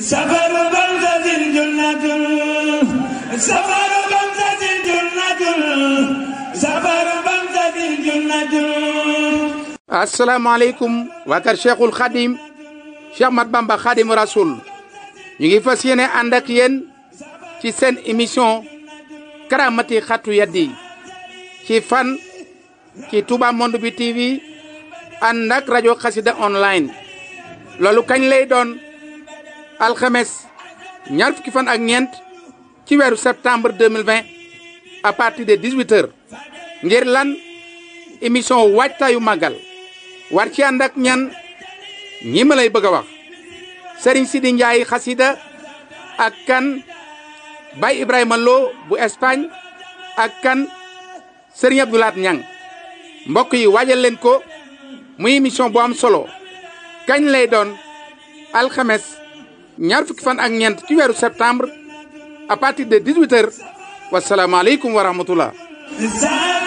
سفر بنزة جنة سفر بنزة جنة سفر بنزة جنة asalaamaaleykum waa kër Cheikhul Khadim Cheikh Mat Bamba Khadim Rasoul ñu ngi fas yéene ànd ak ci seen émission karamati xatu yaddi ci fan ci Touba Monde bi TV ànd rajo Xassida online loolu kañ lay doon. alxames ñaar fukki fan ak ñeent ci weeru septembre 2020 à partir de 18 heures ngir lan émission waajtaayu màggal war ci ànd ak ñan ñi ma bëgg a wax sëriñ Sidi Ndiaye xasida ak kan Baye Ibrahima Lo bu Espagne ak kan Serigne Abdoulaat Ñang mbokk yi waajal leen ko muy émission bu am solo kañ lay doon alxames ñaar fukki fan ak ñeent ci weeru septembre à partir de 18 heures wasalaamaaleykum wa rahmatullah